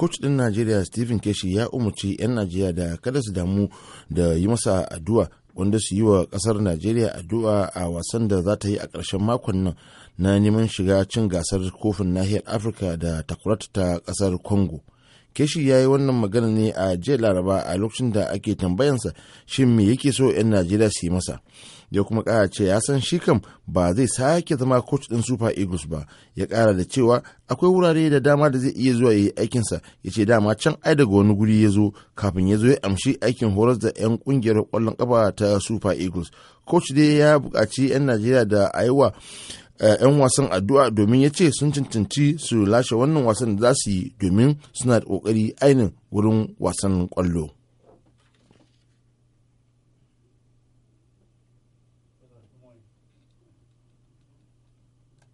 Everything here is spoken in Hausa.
coach din najeriya stephen keshi ya umarci 'yan najeriya da kada su damu da yi masa addu'a wanda su yi wa kasar najeriya addu'a a wasan da za ta yi a ƙarshen makon nan na neman shiga cin gasar kofin nahiyar afirka da takwarata ta kasar congo keshi ya yi wannan magana ne a jiya laraba a lokacin da ake tambayansa shin me yake so 'yan najeriya su yi masa ya kuma kara ce ya san shi kam ba zai sake zama coach din super eagles ba ya kara da cewa akwai wurare da dama da zai iya zuwa ya yi aikinsa ya ce dama can ai daga wani guri ya zo kafin ya zo ya amshi aikin horar da 'yan kungiyar kwallon kafa ta super eagles coach dai ya buƙaci 'yan najeriya da a 'yan eh, wasan addu'a domin ya ce sun cancanci su lashe wannan wasan da za su yi domin suna da ƙoƙari ainihin wurin wasan kwallo.